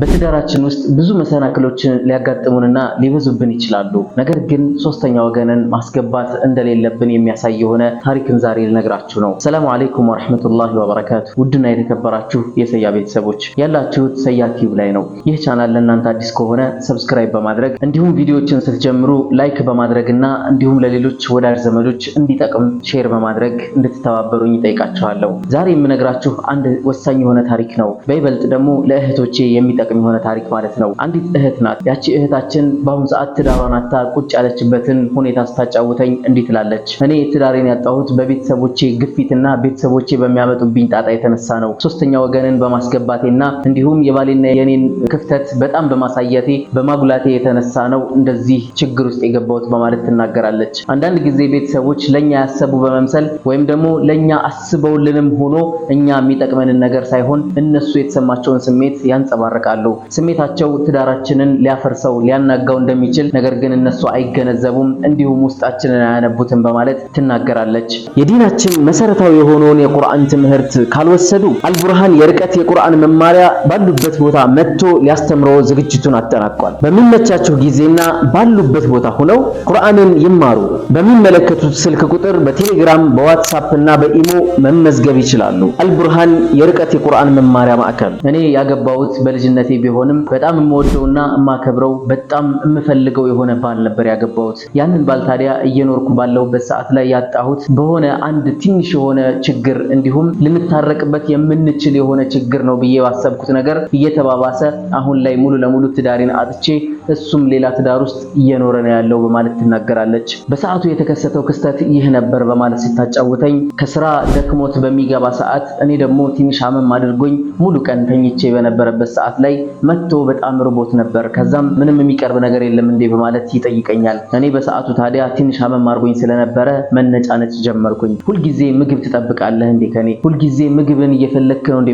በትንሽ በትዳራችን ውስጥ ብዙ መሰናክሎችን ሊያጋጥሙንና ሊበዙብን ይችላሉ። ነገር ግን ሶስተኛ ወገንን ማስገባት እንደሌለብን የሚያሳይ የሆነ ታሪክን ዛሬ ልነግራችሁ ነው። ሰላሙ አለይኩም ወራህመቱላሂ ወበረካቱ። ውድና የተከበራችሁ የሰያ ቤተሰቦች ያላችሁት ሰያ ቲዩብ ላይ ነው። ይህ ቻናል ለእናንተ አዲስ ከሆነ ሰብስክራይብ በማድረግ እንዲሁም ቪዲዮዎችን ስትጀምሩ ላይክ በማድረግና እንዲሁም ለሌሎች ወዳጅ ዘመዶች እንዲጠቅም ሼር በማድረግ እንድትተባበሩኝ ይጠይቃችኋለሁ። ዛሬ የምነግራችሁ አንድ ወሳኝ የሆነ ታሪክ ነው። በይበልጥ ደግሞ ለእህቶቼ የሚጠቅም የሆነ ታሪክ ማለት ነው። አንዲት እህት ናት። ያቺ እህታችን በአሁኑ ሰዓት ትዳሯን አታ ቁጭ ያለችበትን ሁኔታ ስታጫውተኝ እንዲህ ትላለች። እኔ ትዳሬን ያጣሁት በቤተሰቦቼ ግፊትና ቤተሰቦቼ በሚያመጡብኝ ጣጣ የተነሳ ነው። ሶስተኛ ወገንን በማስገባቴና እንዲሁም የባሌና የኔን ክፍተት በጣም በማሳየቴ በማጉላቴ የተነሳ ነው እንደዚህ ችግር ውስጥ የገባሁት በማለት ትናገራለች። አንዳንድ ጊዜ ቤተሰቦች ለኛ ያሰቡ በመምሰል ወይም ደግሞ ለኛ አስበውልንም ሆኖ እኛ የሚጠቅመንን ነገር ሳይሆን እነሱ የተሰማቸውን ስሜት ያንጸባርቃሉ። ስሜታቸው ትዳራችንን ሊያፈርሰው ሊያናጋው እንደሚችል ነገር ግን እነሱ አይገነዘቡም፣ እንዲሁም ውስጣችንን አያነቡትም በማለት ትናገራለች። የዲናችን መሰረታዊ የሆነውን የቁርአን ትምህርት ካልወሰዱ አልቡርሃን የርቀት የቁርአን መማሪያ ባሉበት ቦታ መጥቶ ሊያስተምሮ ዝግጅቱን አጠናቋል። በሚመቻቸው ጊዜና ባሉበት ቦታ ሆነው ቁርአንን ይማሩ። በሚመለከቱት ስልክ ቁጥር በቴሌግራም በዋትሳፕ እና በኢሞ መመዝገብ ይችላሉ። አልቡርሃን የርቀት የቁርአን መማሪያ ማዕከል እኔ ያገባሁት በልጅነቴ ቢሆንም በጣም የምወደውና የማከብረው በጣም የምፈልገው የሆነ ባል ነበር ያገባሁት። ያንን ባል ታዲያ እየኖርኩ ባለሁበት ሰዓት ላይ ያጣሁት በሆነ አንድ ትንሽ የሆነ ችግር እንዲሁም ልንታረቅበት የምንችል የሆነ ችግር ነው ብዬ ባሰብኩት ነገር እየተባባሰ አሁን ላይ ሙሉ ለሙሉ ትዳሬን አጥቼ እሱም ሌላ ትዳር ውስጥ እየኖረ ነው ያለው በማለት ትናገራለች። በሰዓቱ የተከሰተው ክስተት ይህ ነበር በማለት ሲታጫውተኝ ከስራ ደክሞት በሚገባ ሰዓት እኔ ደግሞ ትንሽ አመም አድርጎኝ ሙሉ ቀን ተኝቼ በነበረበት ሰዓት ላይ መጥቶ በጣም ርቦት ነበር። ከዛም ምንም የሚቀርብ ነገር የለም እንዴ በማለት ይጠይቀኛል። እኔ በሰዓቱ ታዲያ ትንሽ አመም አድርጎኝ ስለነበረ መነጫነጭ ጀመርኩኝ። ሁልጊዜ ምግብ ትጠብቃለህ እንዴ ከኔ ሁልጊዜ ምግብን እየፈለክ ነው እንዴ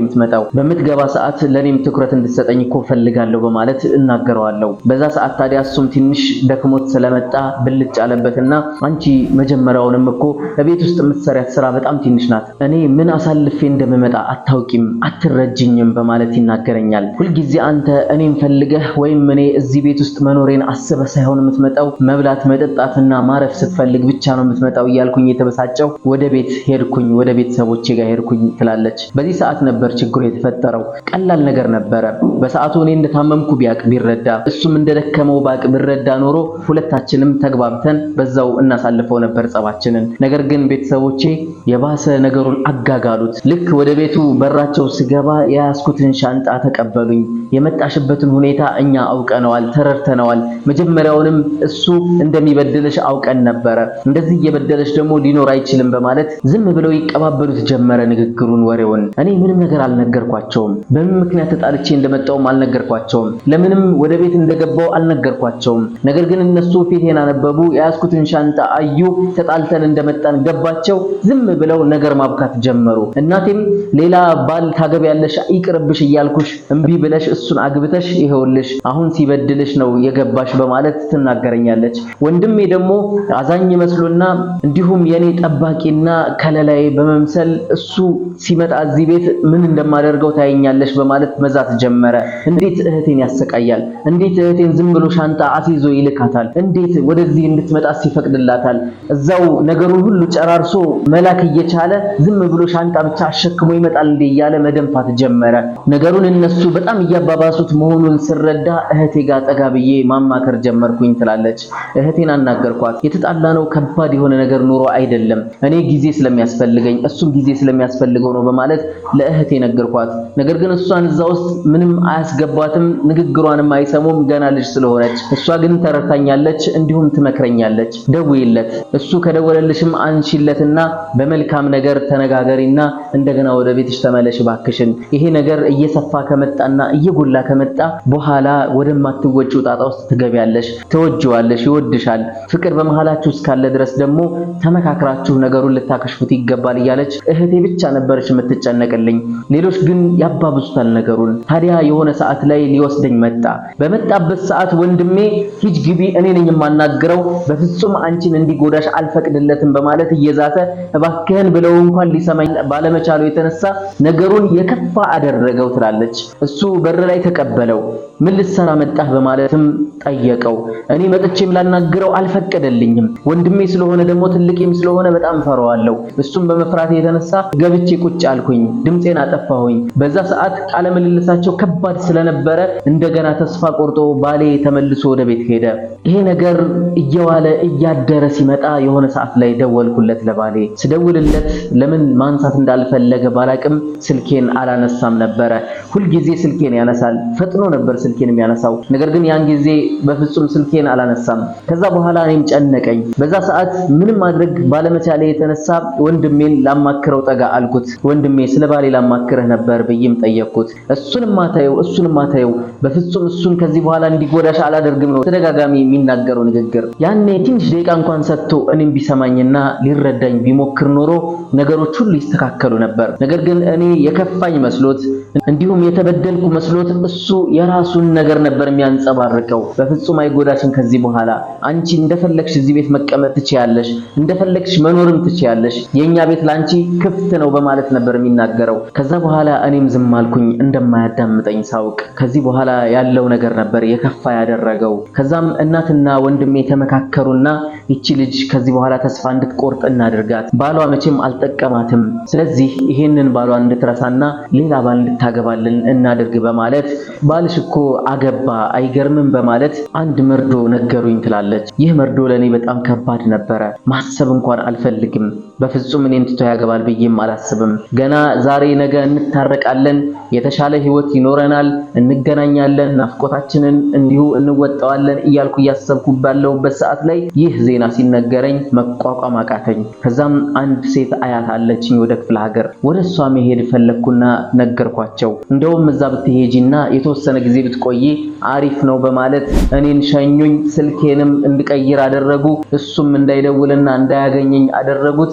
በምትገባ ሰዓት ለኔም ትኩረት እንድትሰጠኝ እኮ ፈልጋለሁ በማለት እናገረዋለሁ። በዛ በዛ ሰዓት ታዲያ እሱም ትንሽ ደክሞት ስለመጣ ብልጭ አለበትና አንቺ መጀመሪያውንም እኮ ቤት ውስጥ የምትሰሪያት ስራ በጣም ትንሽ ናት፣ እኔ ምን አሳልፌ እንደምመጣ አታውቂም፣ አትረጅኝም በማለት ይናገረኛል። ሁልጊዜ አንተ እኔን ፈልገህ ወይም እኔ እዚህ ቤት ውስጥ መኖሬን አስበህ ሳይሆን የምትመጣው መብላት መጠጣትና ማረፍ ስትፈልግ ብቻ ነው የምትመጣው እያልኩኝ የተበሳጨው ወደ ቤት ሄድኩኝ፣ ወደ ቤተሰቦቼ ጋር ሄድኩኝ ትላለች። በዚህ ሰዓት ነበር ችግሩ የተፈጠረው። ቀላል ነገር ነበረ። በሰዓቱ እኔ እንደታመምኩ ቢያቅ ቢረዳ እሱም እንደ በደከመው ባቅ ብረዳ ኖሮ ሁለታችንም ተግባብተን በዛው እናሳልፈው ነበር ጸባችንን። ነገር ግን ቤተሰቦቼ የባሰ ነገሩን አጋጋሉት። ልክ ወደ ቤቱ በራቸው ስገባ የያዝኩትን ሻንጣ ተቀበሉኝ። የመጣሽበትን ሁኔታ እኛ አውቀነዋል፣ ተረድተነዋል። መጀመሪያውንም እሱ እንደሚበድልሽ አውቀን ነበረ። እንደዚህ እየበደለሽ ደግሞ ሊኖር አይችልም በማለት ዝም ብለው ይቀባበሉት ጀመረ ንግግሩን፣ ወሬውን። እኔ ምንም ነገር አልነገርኳቸውም። በምን ምክንያት ተጣልቼ እንደመጣውም አልነገርኳቸውም። ለምንም ወደ ቤት እንደገባ አልነገርኳቸውም። ነገር ግን እነሱ ፊቴን አነበቡ። የያዝኩትን ሻንጣ አዩ። ተጣልተን እንደመጣን ገባቸው። ዝም ብለው ነገር ማብካት ጀመሩ። እናቴም ሌላ ባል ያለሽ ይቅርብሽ እያልኩሽ እምቢ ብለሽ እሱን አግብተሽ ይኸውልሽ አሁን ሲበድልሽ ነው የገባሽ በማለት ትናገረኛለች። ወንድሜ ደግሞ አዛኝ መስሎና እንዲሁም የኔ ጠባቂና ከለላይ በመምሰል እሱ ሲመጣ እዚህ ቤት ምን እንደማደርገው ታየኛለሽ በማለት መዛት ጀመረ። እንዴት እህቴን ያሰቃያል! እንዴት እህቴ ዝም ብሎ ሻንጣ አስይዞ ይልካታል። እንዴት ወደዚህ እንድትመጣ ይፈቅድላታል? እዛው ነገሩን ሁሉ ጨራርሶ መላክ እየቻለ ዝም ብሎ ሻንጣ ብቻ አሸክሞ ይመጣል እንዴ እያለ መደንፋት ጀመረ። ነገሩን እነሱ በጣም እያባባሱት መሆኑን ስረዳ እህቴ ጋር ጠጋ ብዬ ማማከር ጀመርኩኝ ትላለች። እህቴን አናገርኳት። የተጣላነው ከባድ የሆነ ነገር ኑሮ አይደለም፣ እኔ ጊዜ ስለሚያስፈልገኝ እሱም ጊዜ ስለሚያስፈልገው ነው በማለት ለእህቴ ነገርኳት። ነገር ግን እሷን እዛ ውስጥ ምንም አያስገባትም፣ ንግግሯንም አይሰሙም ገና ልጅ ስለሆነች፣ እሷ ግን ተረታኛለች፣ እንዲሁም ትመክረኛለች። ደውይለት፣ እሱ ከደወለልሽም አንሺለትና በመልካም ነገር ተነጋገሪና እንደገና ወደ ቤትሽ ተመለሽ ባክሽን። ይሄ ነገር እየሰፋ ከመጣና እየጎላ ከመጣ በኋላ ወደማትወጪው ጣጣ ውስጥ ትገቢያለሽ። ትወጂዋለሽ፣ ይወድሻል። ፍቅር በመሃላችሁ እስካለ ድረስ ደግሞ ተመካክራችሁ ነገሩን ልታከሽፉት ይገባል እያለች እህቴ ብቻ ነበረች የምትጨነቅልኝ። ሌሎች ግን ያባብዙታል ነገሩን። ታዲያ የሆነ ሰዓት ላይ ሊወስደኝ መጣ። በመጣበት ሰዓት ወንድሜ ሂጅ ግቢ፣ እኔ ነኝ የማናግረው፣ በፍጹም አንቺን እንዲጎዳሽ አልፈቅድለትም በማለት እየዛተ እባክህን ብለው እንኳን ሊሰማኝ ባለመቻሉ የተነሳ ነገሩን የከፋ አደረገው ትላለች። እሱ በር ላይ ተቀበለው። ምን ልትሰራ መጣህ በማለትም ጠየቀው። እኔ መጥቼም ላናግረው አልፈቀደልኝም። ወንድሜ ስለሆነ ደግሞ ትልቅም ስለሆነ በጣም ፈራዋለሁ። እሱም በመፍራት የተነሳ ገብቼ ቁጭ አልኩኝ፣ ድምፄን አጠፋሁኝ። በዛ ሰዓት ቃለ ምልልሳቸው ከባድ ስለነበረ እንደገና ተስፋ ቆርጦ ባሌ ተመልሶ ወደ ቤት ሄደ። ይሄ ነገር እየዋለ እያደረ ሲመጣ የሆነ ሰዓት ላይ ደወልኩለት ለባሌ። ስደውልለት ለምን ማንሳት እንዳልፈለገ ባላቅም ስልኬን አላነሳም ነበረ። ሁልጊዜ ስልኬን ያነሳል፣ ፈጥኖ ነበር ስልኬን የሚያነሳው። ነገር ግን ያን ጊዜ በፍጹም ስልኬን አላነሳም። ከዛ በኋላ እኔም ጨነቀኝ። በዛ ሰዓት ምንም ማድረግ ባለመቻሌ የተነሳ ወንድሜን ላማክረው ጠጋ አልኩት። ወንድሜ ስለ ባሌ ላማክረህ ነበር ብዬም ጠየቅኩት። እሱን ማታየው እሱን ማታየው በፍጹም እሱን ከዚህ በኋላ እንዲጎዳሽ አላደርግም ነው ተደጋጋሚ የሚናገረው ንግግር። ያኔ ትንሽ ደቂቃ እንኳን ሰጥቶ እኔም ቢሰማኝና ሊረዳኝ ቢሞክር ኖሮ ነገሮች ሁሉ ይስተካከሉ ነበር። ነገር ግን እኔ የከፋኝ መስሎት እንዲሁም የተበደልኩ መስሎት እሱ የራሱ የራሱን ነገር ነበር የሚያንጸባርቀው። በፍጹም አይጎዳሽም። ከዚህ በኋላ አንቺ እንደፈለግሽ እዚህ ቤት መቀመጥ ትችያለሽ፣ እንደፈለግሽ መኖርም ትችያለሽ፣ የኛ ቤት ላንቺ ክፍት ነው በማለት ነበር የሚናገረው። ከዛ በኋላ እኔም ዝም አልኩኝ እንደማያዳምጠኝ ሳውቅ። ከዚህ በኋላ ያለው ነገር ነበር የከፋ ያደረገው። ከዛም እናትና ወንድሜ ተመካከሩና ይቺ ልጅ ከዚህ በኋላ ተስፋ እንድትቆርጥ እናድርጋት፣ ባሏ መቼም አልጠቀማትም። ስለዚህ ይሄንን ባሏ እንድትረሳና ሌላ ባል እንድታገባልን እናድርግ በማለት ባልሽ እኮ አገባ አይገርምም በማለት አንድ መርዶ ነገሩኝ ትላለች። ይህ መርዶ ለእኔ በጣም ከባድ ነበረ። ማሰብ እንኳን አልፈልግም። በፍጹም እኔን ትቶ ያገባል ብዬም አላስብም። ገና ዛሬ ነገ እንታረቃለን፣ የተሻለ ህይወት ይኖረናል፣ እንገናኛለን፣ ናፍቆታችንን እንዲሁ እንወጣዋለን እያልኩ እያሰብኩ ባለሁበት ሰዓት ላይ ይህ ዜና ሲነገረኝ መቋቋም አቃተኝ። ከዛም አንድ ሴት አያት አለችኝ ወደ ክፍለ ሀገር። ወደ እሷ መሄድ ፈለግኩና ነገርኳቸው። እንደውም እዛ ብትሄጂና የተወሰነ ጊዜ ብትቆይ አሪፍ ነው በማለት እኔን ሸኙኝ። ስልኬንም እንድቀይር አደረጉ። እሱም እንዳይደውልና እንዳያገኘኝ አደረጉት።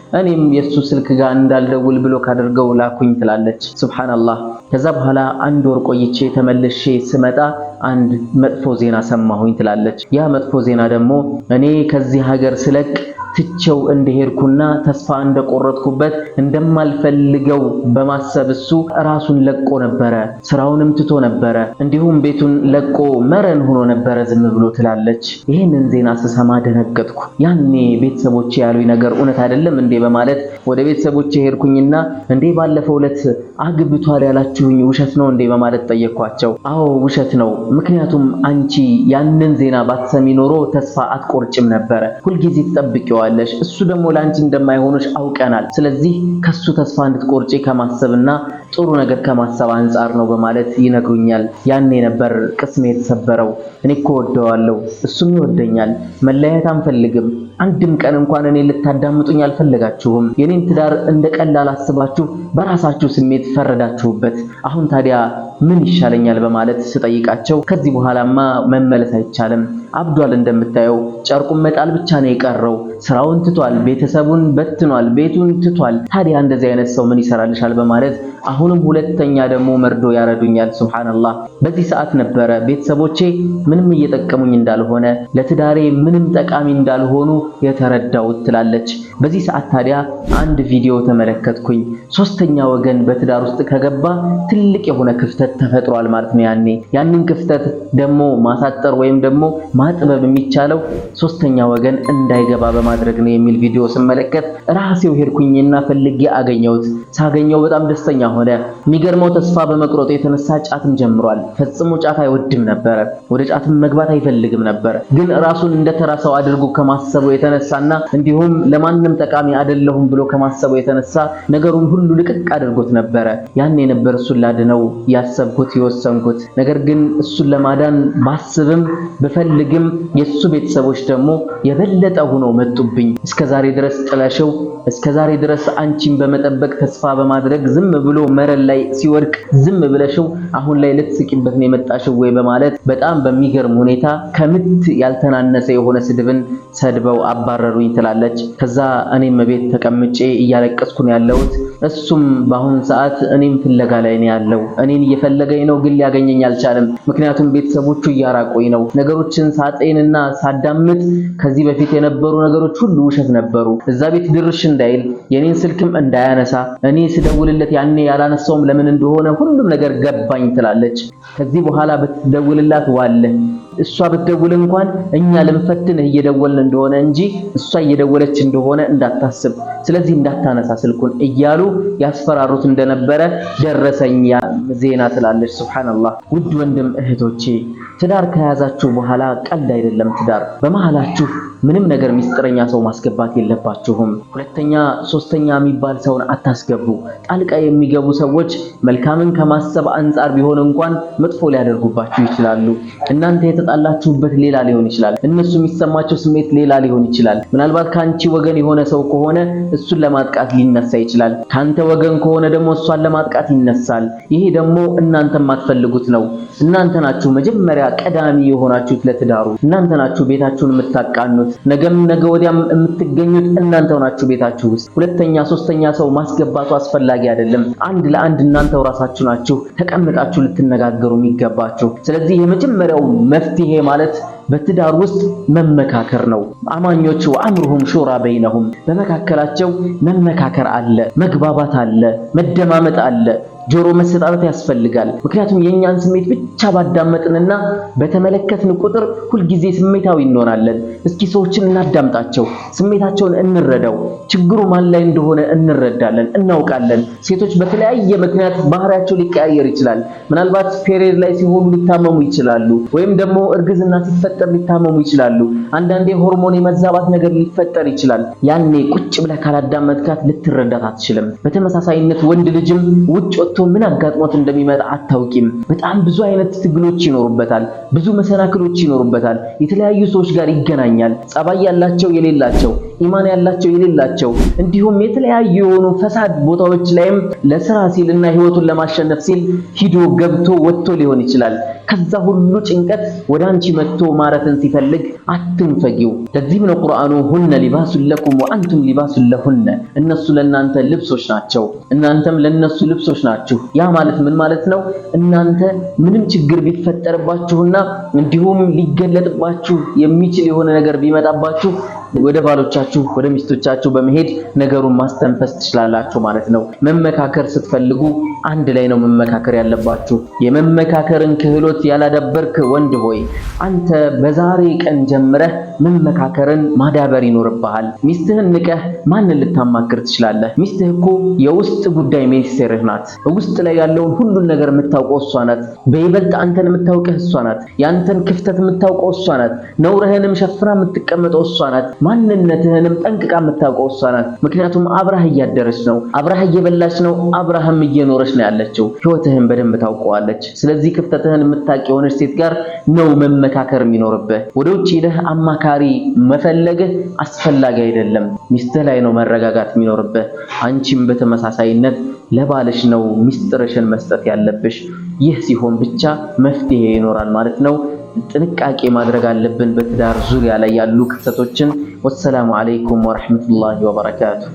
እኔም የሱ ስልክ ጋር እንዳልደውል ብሎክ አድርገው ላኩኝ ትላለች። ሱብሃንአላህ። ከዛ በኋላ አንድ ወር ቆይቼ ተመልሼ ስመጣ አንድ መጥፎ ዜና ሰማሁኝ ትላለች። ያ መጥፎ ዜና ደግሞ እኔ ከዚህ ሀገር ስለቅ ትቸው እንደሄድኩና ተስፋ እንደቆረጥኩበት እንደማልፈልገው በማሰብ እሱ ራሱን ለቆ ነበረ፣ ስራውንም ትቶ ነበረ፣ እንዲሁም ቤቱን ለቆ መረን ሆኖ ነበረ ዝም ብሎ ትላለች። ይህንን ዜና ስሰማ ደነገጥኩ። ያኔ ቤተሰቦቼ ያሉኝ ነገር እውነት አይደለም እንዴ በማለት ወደ ቤተሰቦቼ ሄድኩኝና እንዴ ባለፈው ዕለት አግብቷል ያላችሁኝ ውሸት ነው እንዴ በማለት ጠየኳቸው። አዎ ውሸት ነው፣ ምክንያቱም አንቺ ያንን ዜና ባትሰሚ ኖሮ ተስፋ አትቆርጭም ነበረ። ሁልጊዜ ትጠብቂዋለሽ። እሱ ደግሞ ለአንቺ እንደማይሆንሽ አውቀናል። ስለዚህ ከሱ ተስፋ እንድትቆርጪ ከማሰብና ጥሩ ነገር ከማሰብ አንጻር ነው በማለት ይነግሩኛል። ያኔ ነበር ቅስሜ የተሰበረው። እኔ እኮ ወደዋለሁ፣ እሱም ይወደኛል። መለያየት አንፈልግም። አንድም ቀን እንኳን እኔ ልታዳምጡኝ አልፈለጋችሁም። የኔን ትዳር እንደ ቀላል አስባችሁ በራሳችሁ ስሜት ፈረዳችሁበት። አሁን ታዲያ ምን ይሻለኛል በማለት ስጠይቃቸው ከዚህ በኋላማ መመለስ አይቻልም፣ አብዷል፣ እንደምታየው ጨርቁን መጣል ብቻ ነው የቀረው። ስራውን ትቷል፣ ቤተሰቡን በትኗል፣ ቤቱን ትቷል። ታዲያ እንደዚህ አይነት ሰው ምን ይሰራልሻል በማለት አሁንም ሁለተኛ ደግሞ መርዶ ያረዱኛል። ሱብሃንአላህ። በዚህ ሰዓት ነበረ ቤተሰቦቼ ምንም እየጠቀሙኝ እንዳልሆነ ለትዳሬ ምንም ጠቃሚ እንዳልሆኑ የተረዳው ትላለች። በዚህ ሰዓት ታዲያ አንድ ቪዲዮ ተመለከትኩኝ። ሶስተኛ ወገን በትዳር ውስጥ ከገባ ትልቅ የሆነ ክፍተት ተፈጥሯል ማለት ነው። ያኔ ያንን ክፍተት ደግሞ ማሳጠር ወይም ደግሞ ማጥበብ የሚቻለው ሶስተኛ ወገን እንዳይገባ በማድረግ ነው የሚል ቪዲዮ ስመለከት ራሴው ሄድኩኝና ፈልጌ አገኘሁት። ሳገኘው በጣም ደስተኛ ሆነ። የሚገርመው ተስፋ በመቁረጡ የተነሳ ጫትም ጀምሯል። ፈጽሞ ጫት አይወድም ነበረ፣ ወደ ጫትም መግባት አይፈልግም ነበር ግን ራሱን እንደተራ ሰው አድርጎ ከማሰቡ የተነሳና እንዲሁም ለማንም ለማንም ጠቃሚ አይደለሁም ብሎ ከማሰቡ የተነሳ ነገሩን ሁሉ ልቅቅ አድርጎት ነበረ። ያኔ ነበር እሱን ላድነው ያሰብኩት የወሰንኩት። ነገር ግን እሱን ለማዳን ባስብም ብፈልግም የሱ ቤተሰቦች ደግሞ የበለጠ ሆኖ መጡብኝ። እስከዛሬ ድረስ ጥለሽው እስከዛሬ ድረስ አንቺን በመጠበቅ ተስፋ በማድረግ ዝም ብሎ መረል ላይ ሲወድቅ ዝም ብለሽው አሁን ላይ ልትስቂበት ነው የመጣሽው ወይ በማለት በጣም በሚገርም ሁኔታ ከምት ያልተናነሰ የሆነ ስድብን ሰድበው አባረሩኝ ትላለች። ከዛ እኔም ቤት ተቀምጬ እያለቀስኩ ነው ያለሁት። እሱም በአሁኑ ሰዓት እኔም ፍለጋ ላይ ነው ያለው። እኔን እየፈለገኝ ነው፣ ግን ሊያገኘኝ አልቻለም። ምክንያቱም ቤተሰቦቹ እያራቆኝ ነው። ነገሮችን ሳጤንና ሳዳምጥ ከዚህ በፊት የነበሩ ነገሮች ሁሉ ውሸት ነበሩ። እዛ ቤት ድርሽ እንዳይል፣ የኔን ስልክም እንዳያነሳ፣ እኔ ስደውልለት ያኔ ያላነሳውም ለምን እንደሆነ ሁሉም ነገር ገባኝ ትላለች። ከዚህ በኋላ ብትደውልላት ዋለ እሷ ብትደውል እንኳን እኛ ልንፈትንህ እየደወልን እንደሆነ እንጂ እሷ እየደወለች እንደሆነ እንዳታስብ፣ ስለዚህ እንዳታነሳ ስልኩን እያሉ ያስፈራሩት እንደነበረ ደረሰኛ ዜና ትላለች። ሱብሃንአላህ። ውድ ወንድም እህቶቼ ትዳር ከያዛችሁ በኋላ ቀልድ አይደለም ትዳር በመሃላችሁ ምንም ነገር ሚስጥረኛ ሰው ማስገባት የለባችሁም። ሁለተኛ ሶስተኛ የሚባል ሰውን አታስገቡ። ጣልቃ የሚገቡ ሰዎች መልካምን ከማሰብ አንጻር ቢሆን እንኳን መጥፎ ሊያደርጉባችሁ ይችላሉ። እናንተ የተጣላችሁበት ሌላ ሊሆን ይችላል፣ እነሱ የሚሰማቸው ስሜት ሌላ ሊሆን ይችላል። ምናልባት ከአንቺ ወገን የሆነ ሰው ከሆነ እሱን ለማጥቃት ሊነሳ ይችላል። ከአንተ ወገን ከሆነ ደግሞ እሷን ለማጥቃት ይነሳል። ይሄ ደግሞ እናንተ የማትፈልጉት ነው። እናንተ ናችሁ መጀመሪያ ቀዳሚ የሆናችሁት ለትዳሩ። እናንተ ናችሁ ቤታችሁን የምታቃኑት። ነገም ነገ ወዲያም የምትገኙት እናንተው ናችሁ ቤታችሁ ውስጥ። ሁለተኛ ሶስተኛ ሰው ማስገባቱ አስፈላጊ አይደለም። አንድ ለአንድ እናንተው ራሳችሁ ናችሁ ተቀምጣችሁ ልትነጋገሩ የሚገባችሁ። ስለዚህ የመጀመሪያው መፍትሄ ማለት በትዳር ውስጥ መመካከር ነው። አማኞቹ አምሩሁም ሹራ በይነሁም በመካከላቸው መመካከር አለ፣ መግባባት አለ፣ መደማመጥ አለ። ጆሮ መሰጣጠት ያስፈልጋል። ምክንያቱም የእኛን ስሜት ብቻ ባዳመጥንና በተመለከትን ቁጥር ሁልጊዜ ስሜታዊ እንሆናለን። እስኪ ሰዎችን እናዳምጣቸው፣ ስሜታቸውን እንረዳው። ችግሩ ማን ላይ እንደሆነ እንረዳለን፣ እናውቃለን። ሴቶች በተለያየ ምክንያት ባህሪያቸው ሊቀያየር ይችላል። ምናልባት ፔሪድ ላይ ሲሆኑ ሊታመሙ ይችላሉ፣ ወይም ደግሞ እርግዝና ሲፈጠር ሳይፈጠር ሊታመሙ ይችላሉ። አንዳንዴ ሆርሞን የመዛባት ነገር ሊፈጠር ይችላል። ያኔ ቁጭ ብለህ ካላዳመጥካት ልትረዳት አትችልም። በተመሳሳይነት ወንድ ልጅም ውጭ ወጥቶ ምን አጋጥሞት እንደሚመጣ አታውቂም። በጣም ብዙ አይነት ትግሎች ይኖሩበታል። ብዙ መሰናክሎች ይኖሩበታል። የተለያዩ ሰዎች ጋር ይገናኛል። ጸባይ ያላቸው የሌላቸው፣ ኢማን ያላቸው የሌላቸው፣ እንዲሁም የተለያዩ የሆኑ ፈሳድ ቦታዎች ላይም ለስራ ሲል እና ህይወቱን ለማሸነፍ ሲል ሂዶ ገብቶ ወጥቶ ሊሆን ይችላል። ከዛ ሁሉ ጭንቀት ወደ አንቺ መጥቶ ማረትን ሲፈልግ አትንፈጊው። ለዚህም ነው ቁርአኑ ሁነ ሊባሱን ለኩም ወአንቱም ሊባሱን ለሁነ፣ እነሱ ለእናንተ ልብሶች ናቸው፣ እናንተም ለእነሱ ልብሶች ናችሁ። ያ ማለት ምን ማለት ነው? እናንተ ምንም ችግር ቢፈጠርባችሁና እንዲሁም ሊገለጥባችሁ የሚችል የሆነ ነገር ቢመጣባችሁ ወደ ባሎቻችሁ ወደ ሚስቶቻችሁ በመሄድ ነገሩን ማስተንፈስ ትችላላችሁ ማለት ነው። መመካከር ስትፈልጉ አንድ ላይ ነው መመካከር ያለባችሁ። የመመካከርን ክህሎት ያላዳበርክ ወንድ ሆይ አንተ በዛሬ ቀን ጀምረህ መመካከርን ማዳበር ይኖርብሃል። ሚስትህን ንቀህ ማንን ልታማክር ትችላለህ? ሚስትህ እኮ የውስጥ ጉዳይ ሚኒስቴርህ ናት። ውስጥ ላይ ያለውን ሁሉን ነገር የምታውቀው እሷ ናት። በይበልጥ አንተን የምታውቅህ እሷ ናት። ያንተን ክፍተት የምታውቀው እሷ ናት። ነውርህንም ሸፍና የምትቀመጠው እሷ ናት። ማንነትህንም ጠንቅቃ የምታውቀው እሷ ናት። ምክንያቱም አብራህ እያደረች ነው፣ አብራህ እየበላች ነው፣ አብራህም እየኖረች ነው ያለችው። ህይወትህን በደንብ ታውቀዋለች። ስለዚህ ክፍተትህን የምታውቅ የሆነች ሴት ጋር ነው መመካከር የሚኖርብህ። ወደ ውጭ ሄደህ አማካሪ መፈለግህ አስፈላጊ አይደለም። ሚስትህ ላይ ነው መረጋጋት የሚኖርብህ። አንቺም በተመሳሳይነት ለባልሽ ነው ሚስጥርሽን መስጠት ያለብሽ። ይህ ሲሆን ብቻ መፍትሄ ይኖራል ማለት ነው። ጥንቃቄ ማድረግ አለብን በትዳር ዙሪያ ላይ ያሉ ክፍተቶችን። ወሰላሙ አለይኩም ወረሕመቱላሂ ወበረካቱሁ።